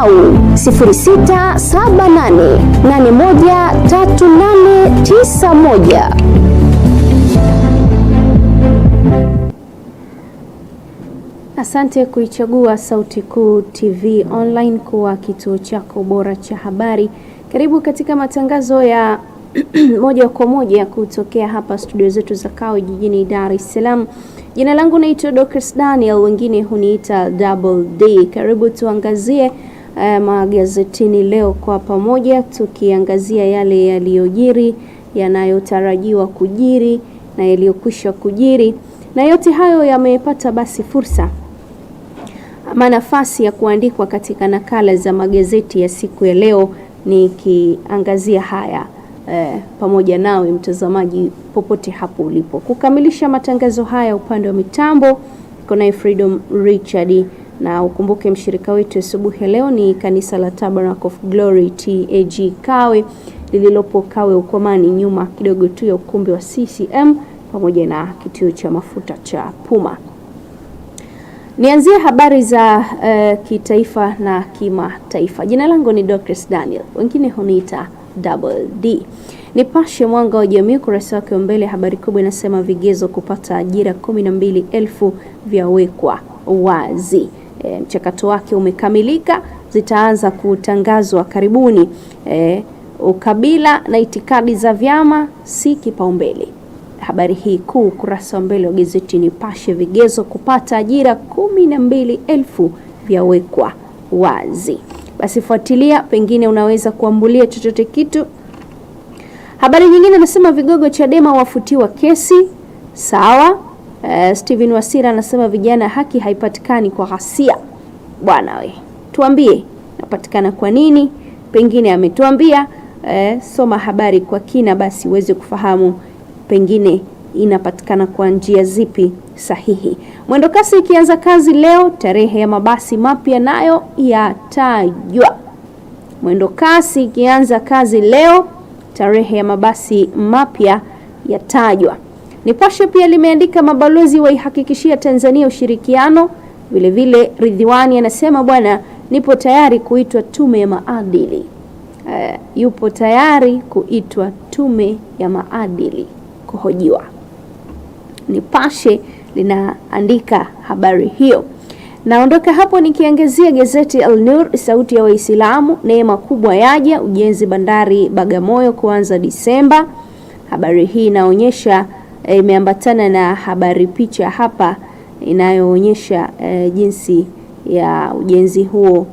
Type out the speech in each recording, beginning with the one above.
au 0678813891. Asante kuichagua Sauti Kuu TV Online kuwa kituo chako bora cha habari. Karibu katika matangazo ya moja kwa moja kutokea hapa studio zetu za Kawe jijini Dar es Salaam. Jina langu naitwa Dorcas Daniel, wengine huniita Double D. Karibu tuangazie eh, magazetini leo kwa pamoja, tukiangazia yale yaliyojiri, yanayotarajiwa kujiri na yaliyokwisha kujiri, na yote hayo yamepata basi fursa ama nafasi ya kuandikwa katika nakala za magazeti ya siku ya leo, nikiangazia haya eh, pamoja nawe mtazamaji, popote hapo ulipo. Kukamilisha matangazo haya upande wa mitambo, kunaye Freedom Richard na ukumbuke mshirika wetu asubuhi ya leo ni kanisa la Tabernacle of Glory TAG Kawe lililopo Kawe Ukomani, nyuma kidogo tu ya ukumbi wa CCM pamoja na kituo cha mafuta cha Puma. Nianzie habari za uh, kitaifa na kimataifa. Jina langu ni Dorcas Daniel, wengine huniita Double D. Nipashe Mwanga wa Jamii ukurasa wake wa mbele, habari kubwa inasema vigezo kupata ajira kumi na mbili elfu vyawekwa wazi e, mchakato wake umekamilika, zitaanza kutangazwa karibuni. E, ukabila na itikadi za vyama si kipaumbele. Habari hii kuu ukurasa wa mbele wa gazeti Nipashe. Vigezo kupata ajira kumi na mbili elfu vyawekwa wazi. Basi fuatilia, pengine unaweza kuambulia chochote kitu. Habari nyingine anasema vigogo Chadema wafutiwa kesi. Sawa. Uh, eh, Steven Wasira anasema vijana, haki haipatikani kwa ghasia. Bwana we, tuambie napatikana kwa nini? Pengine ametuambia uh, soma habari kwa kina, basi uweze kufahamu pengine inapatikana kwa njia zipi sahihi. Mwendokasi ikianza kazi leo, tarehe ya mabasi mapya nayo yatajwa. Mwendokasi ikianza kazi leo, tarehe ya mabasi mapya yatajwa. Nipashe pia limeandika mabalozi waihakikishia Tanzania ushirikiano. Vilevile Ridhiwani anasema bwana, nipo tayari kuitwa tume ya maadili. Uh, yupo tayari kuitwa tume ya maadili kuhojiwa. Nipashe linaandika habari hiyo. Naondoka hapo nikiangazia gazeti Al Nur, sauti ya Waislamu. Neema kubwa yaja ujenzi bandari Bagamoyo kuanza Disemba. Habari hii inaonyesha Eh, imeambatana na habari picha hapa inayoonyesha e, jinsi ya ujenzi huo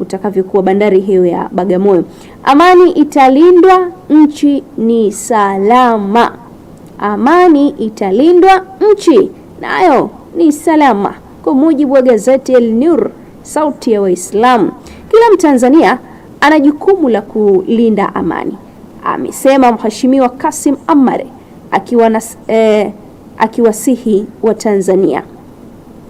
utakavyokuwa bandari hiyo ya Bagamoyo. Amani italindwa, nchi ni salama. Amani italindwa, nchi nayo ni salama, kwa mujibu wa gazeti El Nur, sauti ya Waislamu. Kila Mtanzania ana jukumu la kulinda amani, amesema Mheshimiwa Kasim Amare akiwa na, eh, akiwasihi wa Tanzania.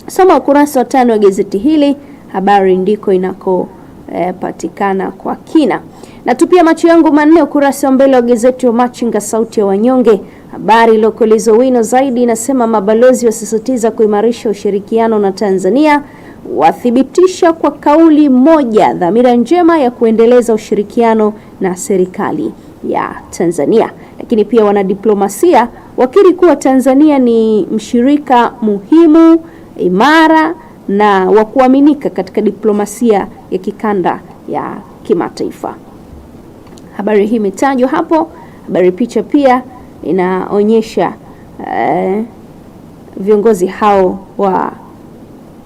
Soma ukurasa wa tano wa gazeti hili, habari ndiko inakopatikana eh, kwa kina. Natupia macho yangu manne ukurasa wa mbele wa gazeti wa Machinga sauti ya wanyonge. Habari iliyokolezwa wino zaidi inasema mabalozi wasisitiza kuimarisha ushirikiano na Tanzania, wathibitisha kwa kauli moja dhamira njema ya kuendeleza ushirikiano na serikali ya Tanzania. Lakini pia wanadiplomasia wakiri kuwa Tanzania ni mshirika muhimu, imara na wa kuaminika katika diplomasia ya kikanda ya kimataifa. Habari hii imetajwa hapo. Habari picha pia inaonyesha eh, viongozi hao wa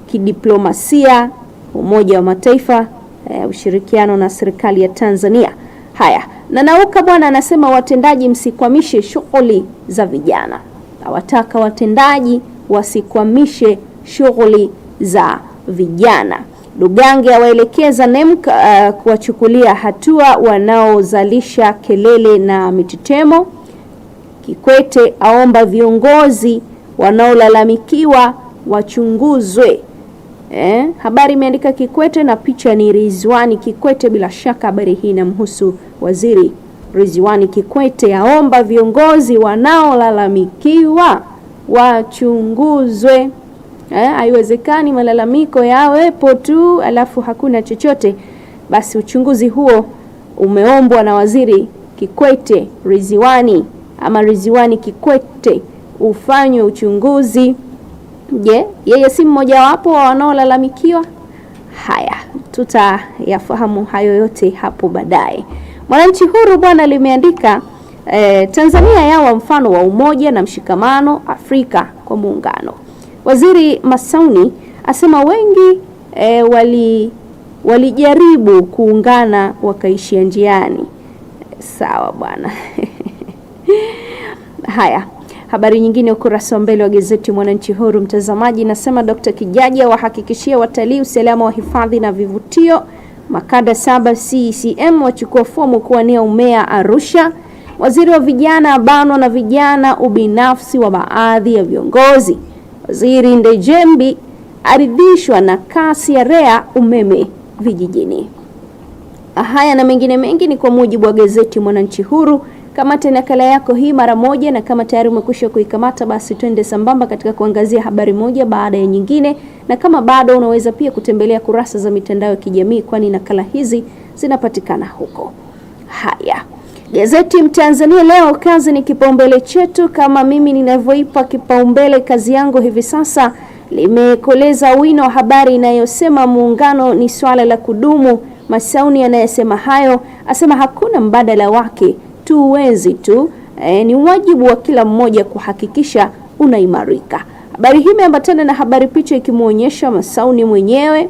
kidiplomasia Umoja wa Mataifa eh, ushirikiano na serikali ya Tanzania. Haya. Na Nauka bwana anasema watendaji, msikwamishe shughuli za vijana. Awataka watendaji wasikwamishe shughuli za vijana. Lugange awaelekeza NEMC uh, kuwachukulia hatua wanaozalisha kelele na mitetemo. Kikwete aomba viongozi wanaolalamikiwa wachunguzwe. Eh, habari imeandika Kikwete na picha ni Rizwani Kikwete. Bila shaka habari hii inamhusu Waziri Rizwani Kikwete. Aomba viongozi wanaolalamikiwa wachunguzwe. Eh, haiwezekani malalamiko yawepo tu alafu hakuna chochote. Basi uchunguzi huo umeombwa na Waziri Kikwete Rizwani ama Rizwani Kikwete ufanywe uchunguzi. Je, yeye si mmojawapo wa wanaolalamikiwa? Haya, tutayafahamu hayo yote hapo baadaye. Mwananchi Huru bwana limeandika e, Tanzania yawa mfano wa umoja na mshikamano Afrika kwa muungano. Waziri Masauni asema wengi e, wali walijaribu kuungana wakaishia njiani. Sawa bwana. Haya. Habari nyingine ukurasa wa mbele wa gazeti Mwananchi Huru, mtazamaji, nasema Dkt. Kijaji awahakikishia watalii usalama wa hifadhi na vivutio. Makada saba CCM e wachukua fomu kuwania umea Arusha. Waziri wa vijana abanwa na vijana ubinafsi wa baadhi ya viongozi. Waziri Ndejembi aridhishwa na kasi ya REA umeme vijijini. Haya na mengine mengi ni kwa mujibu wa gazeti Mwananchi Huru. Kamata nakala yako hii mara moja, na kama tayari umekwisha kuikamata, basi twende sambamba katika kuangazia habari moja baada ya nyingine, na kama bado unaweza pia kutembelea kurasa za mitandao ya kijamii, kwani nakala hizi zinapatikana huko. Haya, Gazeti Mtanzania leo, kazi ni kipaumbele chetu. Kama mimi ninavyoipa kipaumbele kazi yangu hivi sasa, limekoleza wino wa habari inayosema muungano ni swala la kudumu. Masauni anayesema hayo asema hakuna mbadala wake tuwezi tu. E, ni wajibu wa kila mmoja kuhakikisha unaimarika. Habari hii imeambatana na habari picha ikimwonyesha Masauni mwenyewe.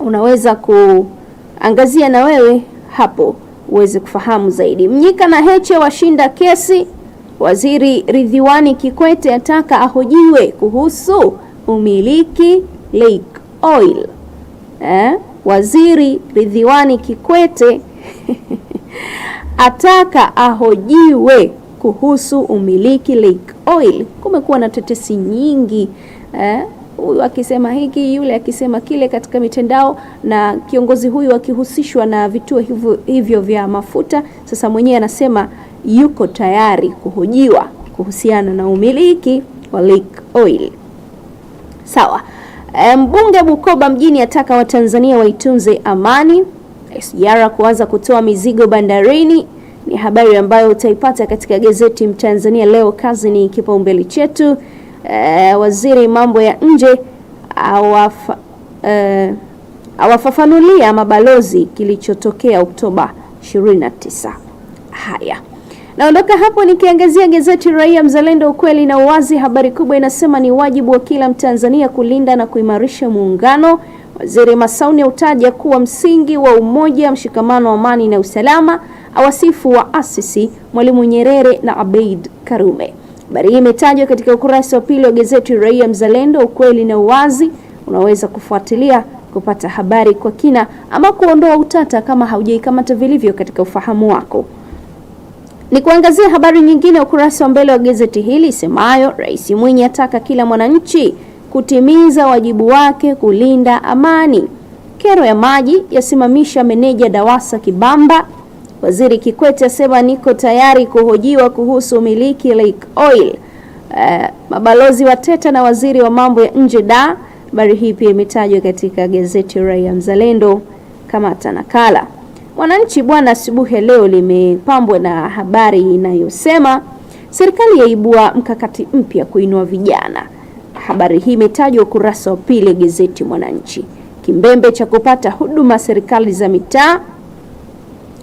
Unaweza kuangazia na wewe hapo uweze kufahamu zaidi. Mnyika na Heche washinda kesi. Waziri Ridhiwani Kikwete ataka ahojiwe kuhusu umiliki Lake Oil. Eh? Waziri Ridhiwani Kikwete ataka ahojiwe kuhusu umiliki Lake Oil. Kumekuwa na tetesi nyingi eh? Huyu akisema hiki, yule akisema kile katika mitandao, na kiongozi huyu akihusishwa na vituo hivyo, hivyo vya mafuta. Sasa mwenyewe anasema yuko tayari kuhojiwa kuhusiana na umiliki wa Lake Oil. Sawa. Eh, mbunge Bukoba mjini ataka Watanzania waitunze amani. SGR kuanza kutoa mizigo bandarini ni habari ambayo utaipata katika gazeti Mtanzania leo. Kazi ni kipaumbele chetu. Uh, waziri mambo ya nje awafa, uh, awafafanulia mabalozi kilichotokea Oktoba 29. Haya, naondoka hapo nikiangazia gazeti Raia Mzalendo, ukweli na uwazi. Habari kubwa inasema ni wajibu wa kila Mtanzania kulinda na kuimarisha muungano Waziri Masauni autaja kuwa msingi wa umoja, mshikamano wa amani na usalama, awasifu wa asisi Mwalimu Nyerere na Abeid Karume. Habari hii imetajwa katika ukurasa wa pili wa gazeti Raia Mzalendo, ukweli na uwazi. Unaweza kufuatilia kupata habari kwa kina ama kuondoa utata kama haujaikamata vilivyo katika ufahamu wako. Ni kuangazia habari nyingine ukurasa wa mbele wa gazeti hili isemayo, Rais Mwinyi ataka kila mwananchi kutimiza wajibu wake kulinda amani. Kero ya maji yasimamisha meneja DAWASA Kibamba. Waziri Kikwete asema niko tayari kuhojiwa kuhusu umiliki Lake Oil. Uh, mabalozi wateta na waziri wa mambo ya nje da. Habari hii pia imetajwa katika gazeti Raia Mzalendo kama tanakala. Mwananchi bwana, asubuhi ya leo limepambwa na habari inayosema serikali yaibua mkakati mpya kuinua vijana. Habari hii imetajwa ukurasa wa pili gazeti Mwananchi. Kimbembe cha kupata huduma serikali za mitaa,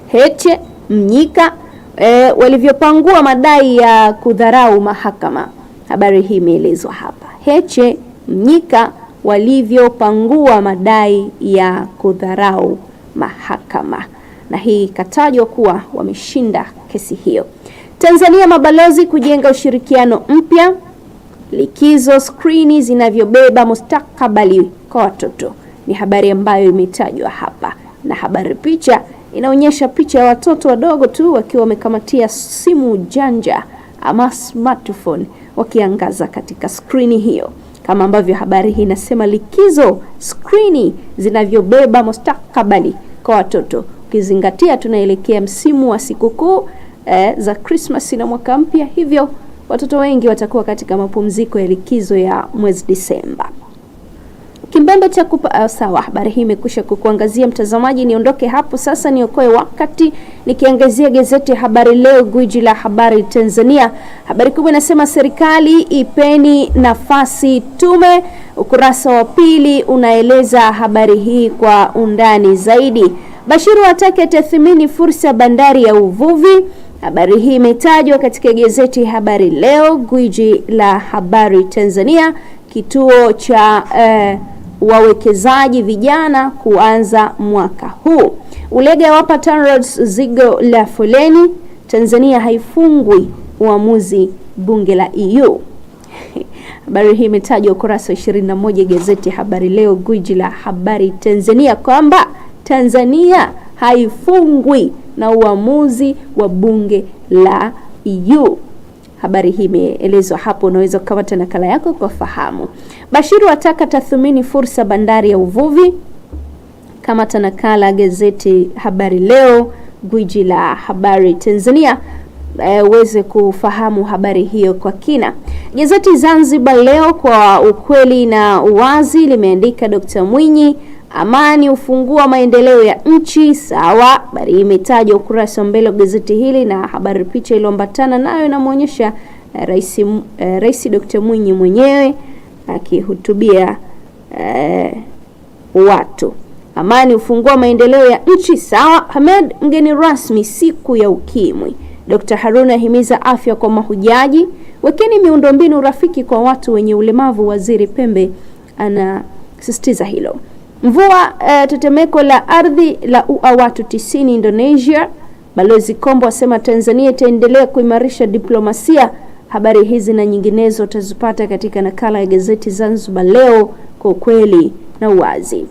Heche Mnyika e, walivyopangua madai ya kudharau mahakama. Habari hii imeelezwa hapa, Heche Mnyika walivyopangua madai ya kudharau mahakama, na hii ikatajwa kuwa wameshinda kesi hiyo. Tanzania mabalozi kujenga ushirikiano mpya Likizo skrini zinavyobeba mustakabali kwa watoto ni habari ambayo imetajwa hapa, na habari picha inaonyesha picha ya watoto wadogo tu wakiwa wamekamatia simu janja ama smartphone wakiangaza katika skrini hiyo, kama ambavyo habari hii inasema, likizo skrini zinavyobeba mustakabali kwa watoto. Ukizingatia tunaelekea msimu wa sikukuu eh, za Krismasi na mwaka mpya, hivyo watoto wengi watakuwa katika mapumziko ya likizo ya mwezi Disemba. Kimbembe cha kupa uh, sawa. Habari hii imekwisha kukuangazia mtazamaji, niondoke hapo sasa, niokoe wakati nikiangazia gazeti ya Habari Leo, gwiji la habari Tanzania. Habari kubwa inasema serikali ipeni nafasi tume. Ukurasa wa pili unaeleza habari hii kwa undani zaidi. Bashiru atake tathmini fursa bandari ya uvuvi Habari hii imetajwa katika gazeti Habari Leo, gwiji la habari Tanzania, kituo cha eh, wawekezaji vijana kuanza mwaka huu. Ulega awapa TANROADS zigo la foleni, Tanzania haifungwi uamuzi bunge la EU. Habari hii imetajwa ukurasa 21 gazeti Habari Leo, gwiji la habari Tanzania, kwamba Tanzania haifungwi na uamuzi wa bunge la EU. Habari hii imeelezwa hapo, unaweza kukamata nakala yako kwa fahamu. Bashiru wataka tathmini fursa bandari ya uvuvi. Kamata nakala gazeti Habari Leo, gwiji la habari Tanzania, e, uweze e, kufahamu habari hiyo kwa kina. Gazeti Zanzibar Leo kwa ukweli na uwazi limeandika Dr. Mwinyi Amani ufungua maendeleo ya nchi. Sawa, habari imetajwa ukurasa wa mbele wa gazeti hili, na habari picha iliyoambatana nayo inamwonyesha eh, rais uh, Rais Dr. Mwinyi mwenyewe akihutubia eh, watu. Amani ufungua maendeleo ya nchi. Sawa, Hamed mgeni rasmi siku ya ukimwi. Dr. Haruna ahimiza afya kwa mahujaji. Wekeni miundombinu rafiki kwa watu wenye ulemavu, Waziri Pembe anasisitiza hilo. Mvua eh, tetemeko la ardhi la ua watu tisini Indonesia. Balozi Kombo asema Tanzania itaendelea kuimarisha diplomasia. Habari hizi na nyinginezo utazipata katika nakala ya gazeti Zanzibar Leo, kwa ukweli na uwazi.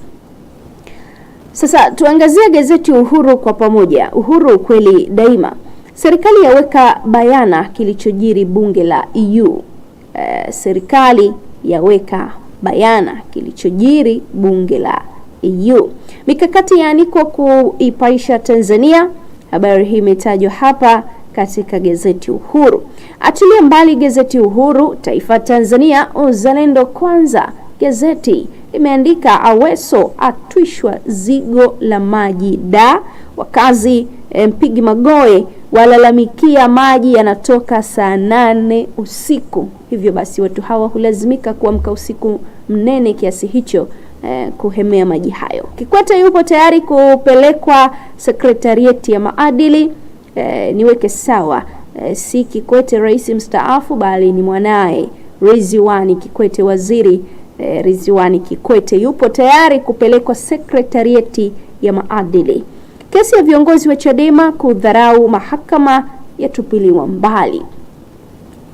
Sasa tuangazie gazeti Uhuru kwa pamoja. Uhuru, ukweli daima. Serikali yaweka bayana kilichojiri bunge la EU. Eh, serikali yaweka bayana kilichojiri bunge la EU. Mikakati yaanikwa kuipaisha Tanzania. Habari hii imetajwa hapa katika gazeti Uhuru. Achilia mbali gazeti Uhuru, Taifa Tanzania, Uzalendo Kwanza gazeti imeandika Aweso atwishwa zigo la maji da, wakazi eh, mpigi magoe walalamikia maji yanatoka saa nane usiku. Hivyo basi watu hawa hulazimika kuamka usiku mnene kiasi hicho eh, kuhemea maji hayo. Kikwete yupo tayari kupelekwa sekretarieti ya maadili. Eh, niweke sawa eh, si Kikwete rais mstaafu, bali ni mwanaye riziwani Kikwete waziri eh, Riziwani Kikwete yupo tayari kupelekwa sekretarieti ya maadili. Kesi ya viongozi wa Chadema kudharau mahakama yatupiliwa mbali.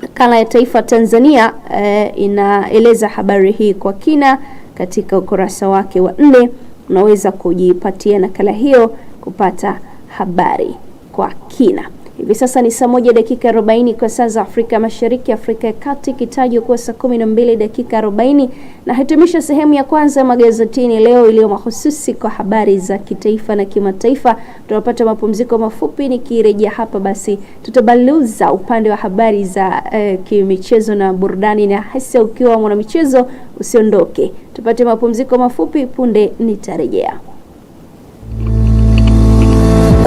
Nakala ya Taifa Tanzania eh, inaeleza habari hii kwa kina katika ukurasa wake wa nne. Unaweza kujipatia nakala hiyo kupata habari kwa kina. Hivi sasa ni saa moja dakika arobaini kwa saa za Afrika Mashariki, Afrika ya Kati ikitajwa kuwa saa kumi na mbili dakika arobaini na hitimisha sehemu ya kwanza ya magazetini leo iliyo mahususi kwa habari za kitaifa na kimataifa. Tunapata mapumziko mafupi, nikirejea hapa basi tutabaluza upande wa habari za eh, kimichezo na burudani, na hasa ukiwa mwanamichezo usiondoke. Tupate mapumziko mafupi, punde nitarejea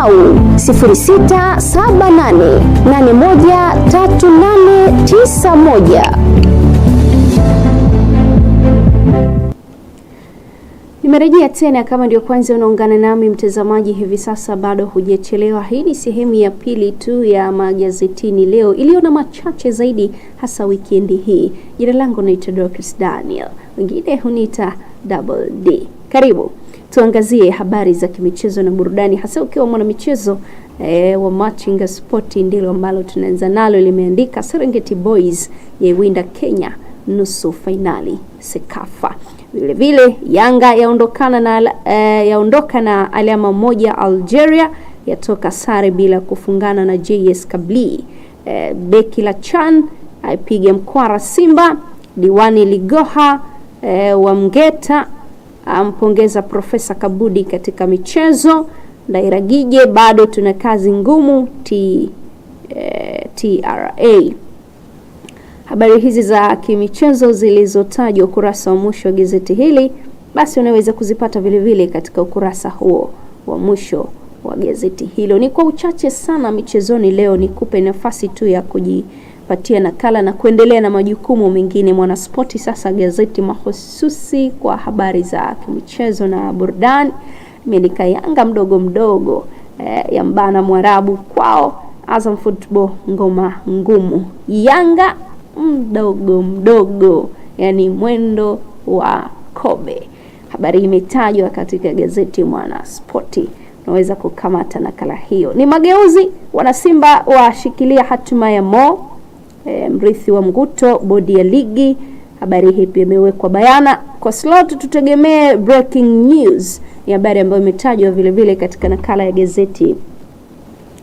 au 0678813891. Nimerejea tena, kama ndio kwanza unaungana nami mtazamaji hivi sasa, bado hujachelewa. Hii ni sehemu ya pili tu ya magazetini leo iliyo na machache zaidi, hasa wikendi hii. Jina langu naitwa Dorcas Daniel, wengine huniita Double D. Karibu tuangazie habari za kimichezo na burudani, hasa ukiwa mwanamichezo e, wa Machinga Sport, ndilo ambalo tunaanza nalo. Limeandika Serengeti Boys yaiwinda Kenya nusu fainali Sekafa. Vilevile Yanga yaondokana na e, yaondoka na alama moja Algeria, yatoka sare bila kufungana na JS Kabli. E, beki la Chan aipiga mkwara Simba. Diwani Ligoha e, wa Mgeta ampongeza Profesa Kabudi katika michezo. Gije, bado tuna kazi ngumu T, eh, TRA. Habari hizi za kimichezo zilizotajwa ukurasa wa mwisho wa gazeti hili, basi unaweza kuzipata vilevile katika ukurasa huo wa mwisho wa gazeti hilo. Ni kwa uchache sana michezoni leo, nikupe nafasi tu ya kuji kutupatia nakala na kuendelea na majukumu mengine. Mwanaspoti sasa gazeti mahususi kwa habari za kimichezo na burudani imeandika Yanga mdogo mdogo eh, mbana Mwarabu kwao Azam Football ngoma ngumu. Yanga mdogo mdogo, yani mwendo wa kobe. Habari imetajwa katika gazeti Mwanaspoti, unaweza kukamata nakala hiyo. Ni mageuzi, wanasimba washikilia hatima ya Mo e, mrithi wa Mguto, bodi ya ligi. Habari hii pia imewekwa bayana kwa slot. Tutegemee breaking news, ni habari ambayo imetajwa vile vile katika nakala ya gazeti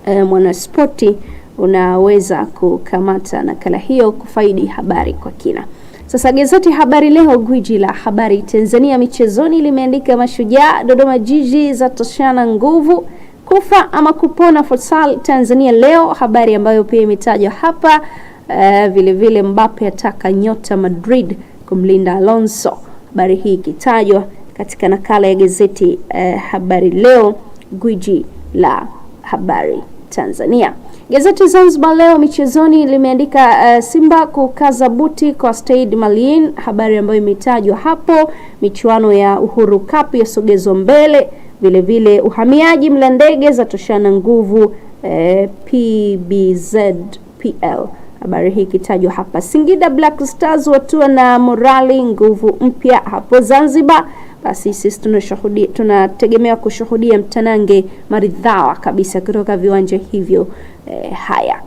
e, Mwanaspoti. Unaweza kukamata nakala hiyo kufaidi habari kwa kina. Sasa gazeti Habari Leo, gwiji la habari Tanzania michezoni, limeandika mashujaa Dodoma Jiji za toshana nguvu kufa ama kupona futsal Tanzania leo, habari ambayo pia imetajwa hapa Eh, vile vile Mbappe ataka nyota Madrid kumlinda Alonso. Habari hii ikitajwa katika nakala ya gazeti eh, Habari Leo, gwiji la habari Tanzania. Gazeti Zanzibar Leo michezoni limeandika uh, Simba kukaza buti kwa Stade Malien, habari ambayo imetajwa hapo. Michuano ya Uhuru Cup yasogezwa mbele, vile vile uhamiaji mla ndege zatoshana nguvu uh, eh, PBZPL Habari hii ikitajwa hapa. Singida Black Stars watua na morali nguvu mpya hapo Zanzibar. Basi sisi tunashuhudia, tunategemea kushuhudia mtanange maridhawa kabisa kutoka viwanja hivyo. E, haya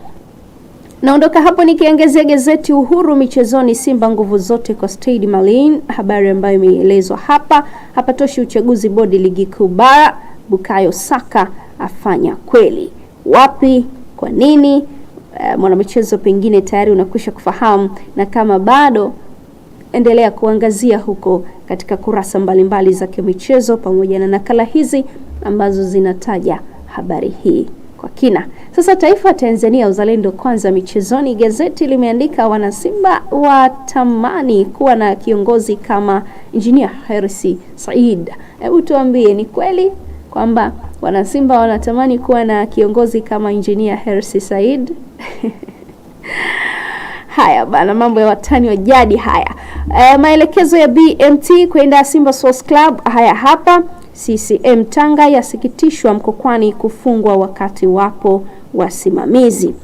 naondoka hapo nikiangazia gazeti Uhuru michezoni. Simba nguvu zote kwa Stade Malien, habari ambayo imeelezwa hapa. Hapatoshi uchaguzi bodi ligi kuu bara, Bukayo Saka afanya kweli wapi, kwa nini Eh, mwanamichezo pengine tayari unakwisha kufahamu, na kama bado endelea kuangazia huko katika kurasa mbalimbali za kimichezo pamoja na nakala hizi ambazo zinataja habari hii kwa kina. Sasa Taifa Tanzania, uzalendo kwanza. Michezoni, gazeti limeandika wanasimba watamani kuwa na kiongozi kama Injinia Hersi Said. Hebu tuambie, ni kweli kwamba wanasimba wanatamani kuwa na kiongozi kama Injinia Hersi Said? Haya bana, mambo ya watani wa jadi haya. E, maelekezo ya BMT kwenda Simba Sports Club haya hapa. CCM Tanga yasikitishwa Mkokwani kufungwa wakati wapo wasimamizi.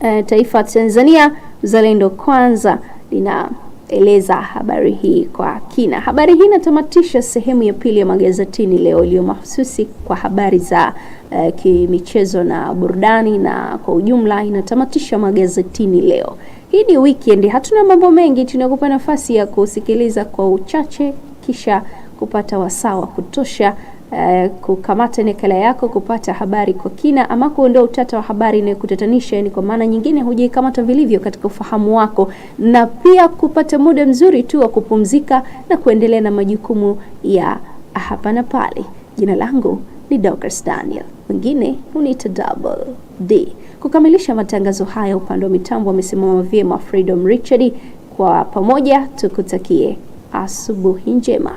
E, taifa Tanzania, zalendo kwanza lina eleza habari hii kwa kina. Habari hii inatamatisha sehemu ya pili ya magazetini leo iliyo mahususi kwa habari za uh, kimichezo na burudani, na kwa ujumla inatamatisha magazetini leo. Hii ni weekend, hatuna mambo mengi, tunakupa nafasi ya kusikiliza kwa uchache, kisha kupata wasaa wa kutosha Eh, kukamata nakala yako kupata habari kwa kina ama kuondoa utata wa habari inayokutatanisha. Yani kwa maana nyingine, hujaikamata vilivyo katika ufahamu wako, na pia kupata muda mzuri tu wa kupumzika na kuendelea na majukumu ya hapa na pale. Jina langu ni Dorcas Daniel, wengine uniita Double D. Kukamilisha matangazo haya, upande wa mitambo amesimama vyema Freedom Richard. Kwa pamoja tukutakie asubuhi njema.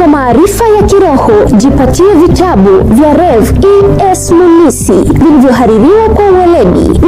Kwa maarifa ya kiroho jipatie vitabu vya Rev E S Munisi vilivyohaririwa kwa uweledi